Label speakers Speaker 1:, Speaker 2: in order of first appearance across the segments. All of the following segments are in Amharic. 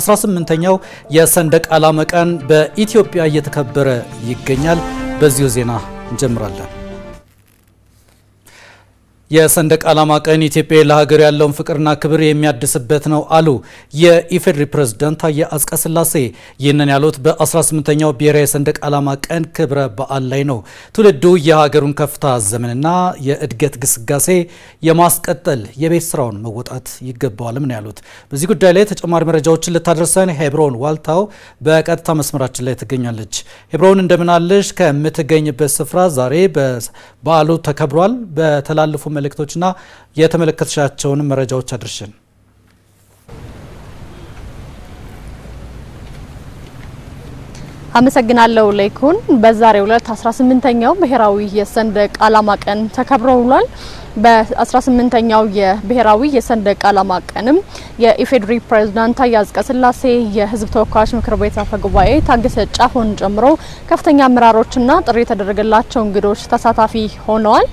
Speaker 1: 18ኛው የሰንደቅ ዓላማ ቀን በኢትዮጵያ እየተከበረ ይገኛል። በዚሁ ዜና እንጀምራለን። የሰንደቅ ዓላማ ቀን ኢትዮጵያ ለሀገር ያለውን ፍቅርና ክብር የሚያድስበት ነው አሉ የኢፌዴሪ ፕሬዝዳንት ታዬ አጽቀሥላሴ። ይህንን ያሉት በ18ኛው ብሔራዊ የሰንደቅ ዓላማ ቀን ክብረ በዓል ላይ ነው። ትውልዱ የሀገሩን ከፍታ ዘመንና የእድገት ግስጋሴ የማስቀጠል የቤት ስራውን መወጣት ይገባዋልም ነው ያሉት። በዚህ ጉዳይ ላይ ተጨማሪ መረጃዎችን ልታደርሰን ሄብሮን ዋልታው በቀጥታ መስመራችን ላይ ትገኛለች። ሄብሮን እንደምናለሽ ከምትገኝበት ስፍራ ዛሬ በዓሉ ተከብሯል። በተላለፉ መልእክቶችና የተመለከትሻቸውን መረጃዎች አድርሽን።
Speaker 2: አመሰግናለሁ ለይኩን። በዛሬው ዕለት 18ኛው ብሔራዊ የሰንደቅ ዓላማ ቀን ተከብሮ ውሏል። በ18ኛው የብሔራዊ የሰንደቅ ዓላማ ቀንም የኢፌዴሪ ፕሬዝዳንት ታዬ አጽቀሥላሴ የሕዝብ ተወካዮች ምክር ቤት አፈ ጉባኤ ታገሰ ጫፎን ጨምሮ ከፍተኛ አመራሮችና ጥሪ የተደረገላቸው እንግዶች ተሳታፊ ሆነዋል።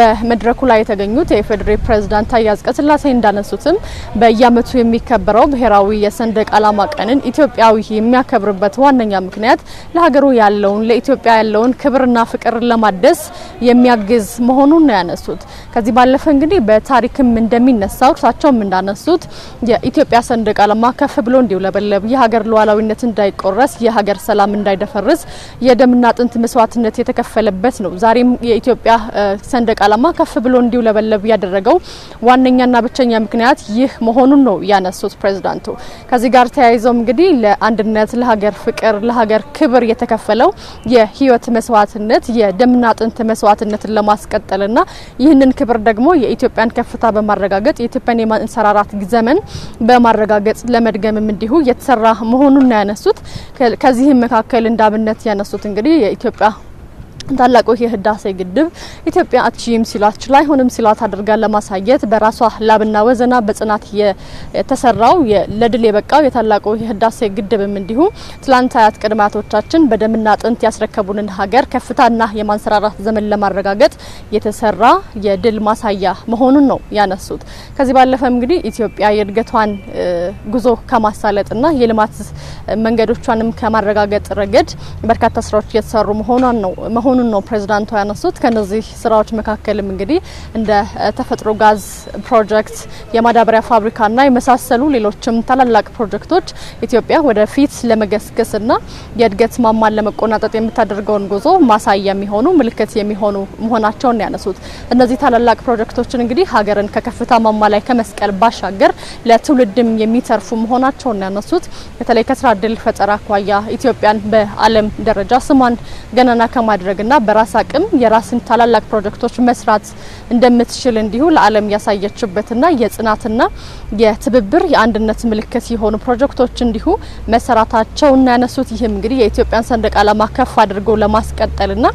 Speaker 2: በመድረኩ ላይ የተገኙት የኢፌዴሪ ፕሬዝዳንት ታዬ አጽቀሥላሴ እንዳነሱትም በየዓመቱ የሚከበረው ብሔራዊ የሰንደቅ ዓላማ ቀንን ኢትዮጵያዊ የሚያከብርበት ዋነኛ ምክንያት በመስጠት ለሀገሩ ያለውን ለኢትዮጵያ ያለውን ክብርና ፍቅር ለማደስ የሚያግዝ መሆኑን ነው ያነሱት። ከዚህ ባለፈ እንግዲህ በታሪክም እንደሚነሳው እርሳቸውም እንዳነሱት የኢትዮጵያ ሰንደቅ ዓላማ ከፍ ብሎ እንዲውለበለብ የሀገር ሉዓላዊነት እንዳይቆረስ የሀገር ሰላም እንዳይደፈርስ የደምና አጥንት መስዋዕትነት የተከፈለበት ነው። ዛሬም የኢትዮጵያ ሰንደቅ ዓላማ ከፍ ብሎ እንዲውለበለብ ያደረገው ዋነኛና ብቸኛ ምክንያት ይህ መሆኑን ነው ያነሱት ፕሬዚዳንቱ። ከዚህ ጋር ተያይዘውም እንግዲህ ለአንድነት፣ ለሀገር ፍቅር፣ ለሀገር ክብር የተከፈለው የህይወት መስዋዕትነት የደምና አጥንት መስዋዕትነትን ለማስቀጠልና ይህንን ክብር ደግሞ የኢትዮጵያን ከፍታ በማረጋገጥ የኢትዮጵያን የማንሰራራት ዘመን በማረጋገጥ ለመድገምም እንዲሁ የተሰራ መሆኑን ያነሱት። ከዚህም መካከል እንዳብነት ያነሱት እንግዲህ የኢትዮጵያ ታላቁ የህዳሴ ግድብ ኢትዮጵያ አትችይም ሲላት አይሆንም ሲላት አድርጋ ለማሳየት በራሷ ላብና ወዘና በጽናት የተሰራው ለድል የበቃው የታላቁ የህዳሴ ግድብም እንዲሁ ትላንት አያት ቅድመ አያቶቻችን በደምና አጥንት ያስረከቡንን ሀገር ከፍታና የማንሰራራት ዘመን ለማረጋገጥ የተሰራ የድል ማሳያ መሆኑን ነው ያነሱት። ከዚህ ባለፈ እንግዲህ ኢትዮጵያ የእድገቷን ጉዞ ከማሳለጥና የልማት መንገዶቿንም ከማረጋገጥ ረገድ በርካታ ስራዎች እየተሰሩ መሆኗን ነው መሆኑን ነው ፕሬዚዳንቱ ያነሱት። ከነዚህ ስራዎች መካከልም እንግዲህ እንደ ተፈጥሮ ጋዝ ፕሮጀክት፣ የማዳበሪያ ፋብሪካና የመሳሰሉ ሌሎችም ታላላቅ ፕሮጀክቶች ኢትዮጵያ ወደፊት ለመገስገስና የእድገት ማማን ለመቆናጠጥ የምታደርገውን ጉዞ ማሳያ የሚሆኑ ምልክት የሚሆኑ መሆናቸውን ያነሱት። እነዚህ ታላላቅ ፕሮጀክቶችን እንግዲህ ሀገርን ከከፍታ ማማ ላይ ከመስቀል ባሻገር ለትውልድም የሚተርፉ መሆናቸውን ያነሱት። በተለይ ከስራ እድል ፈጠራ አኳያ ኢትዮጵያን በዓለም ደረጃ ስሟን ገናና ከማድረግ ማድረግና በራስ አቅም የራስን ታላላቅ ፕሮጀክቶች መስራት እንደምትችል እንዲሁ ለዓለም ያሳየችበትና የጽናትና የትብብር የአንድነት ምልክት የሆኑ ፕሮጀክቶች እንዲሁ መሰራታቸውና ያነሱት ይህም እንግዲህ የኢትዮጵያን ሰንደቅ ዓላማ ከፍ አድርጎ ለማስቀጠልና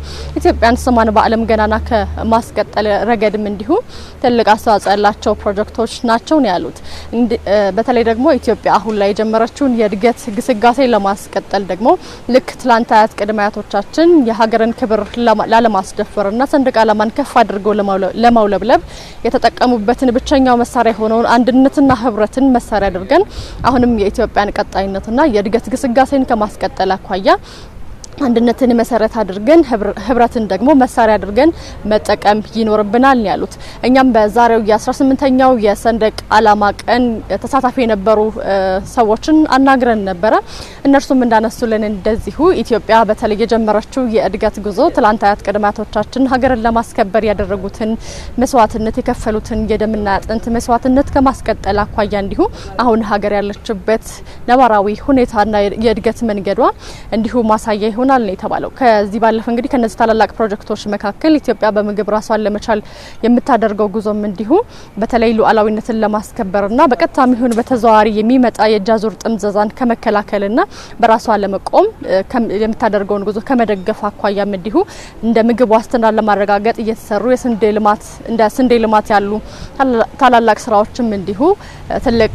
Speaker 2: ኢትዮጵያን ስሟን በዓለም ገናና ከማስቀጠል ረገድም እንዲሁ ትልቅ አስተዋጽኦ ያላቸው ፕሮጀክቶች ናቸው ነው ያሉት። በተለይ ደግሞ ኢትዮጵያ አሁን ላይ የጀመረችውን የእድገት ግስጋሴ ለማስቀጠል ደግሞ ልክ ትላንት አያት ቅድመ አያቶቻችን የሀገርን ክብር ብር ላለማስደፈርና ሰንደቅ ዓላማን ከፍ አድርገው ለማውለብለብ የተጠቀሙበትን ብቸኛው መሳሪያ የሆነውን አንድነትና ህብረትን መሳሪያ አድርገን አሁንም የኢትዮጵያን ቀጣይነትና የእድገት ግስጋሴን ከማስቀጠል አኳያ አንድነትን መሰረት አድርገን ህብረትን ደግሞ መሳሪያ አድርገን መጠቀም ይኖርብናል ያሉት። እኛም በዛሬው የ18ኛው የሰንደቅ ዓላማ ቀን ተሳታፊ የነበሩ ሰዎችን አናግረን ነበረ። እነርሱም እንዳነሱልን እንደዚሁ ኢትዮጵያ በተለይ የጀመረችው የእድገት ጉዞ ትላንት አያት ቅድመ አያቶቻችን ሀገርን ለማስከበር ያደረጉትን መስዋዕትነት የከፈሉትን የደምና አጥንት መስዋዕትነት ከማስቀጠል አኳያ እንዲሁ አሁን ሀገር ያለችበት ነባራዊ ሁኔታና የእድገት መንገዷ እንዲሁ ማሳያ ይሆናል ነው የተባለው። ከዚህ ባለፈ እንግዲህ ከነዚህ ታላላቅ ፕሮጀክቶች መካከል ኢትዮጵያ በምግብ ራሷን ለመቻል የምታደርገው ጉዞም እንዲሁ በተለይ ሉዓላዊነትን ለማስከበርና በቀጥታ ሚሆን በተዘዋዋሪ የሚመጣ የእጅ አዙር ጥምዘዛን ከመከላከልና በራሷ ለመቆም የምታደርገውን ጉዞ ከመደገፍ አኳያም እንዲሁ እንደ ምግብ ዋስትና ለማረጋገጥ እየተሰሩ የስንዴ ልማት እንደ ስንዴ ልማት ያሉ ታላላቅ ስራዎችም እንዲሁ ትልቅ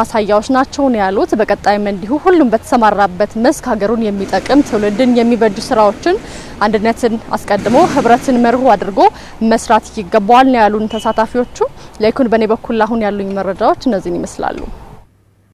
Speaker 2: ማሳያዎች ናቸው ነው ያሉት። በቀጣይም እንዲሁ ሁሉም በተሰማራበት መስክ ሀገሩን የሚጠቅም ትውልድን ሀገርን የሚበጁ ስራዎችን አንድነትን አስቀድሞ ህብረትን መርሁ አድርጎ መስራት ይገባዋል ነው ያሉን ተሳታፊዎቹ። ለይኩን በእኔ በኩል አሁን ያሉኝ መረጃዎች እነዚህን ይመስላሉ።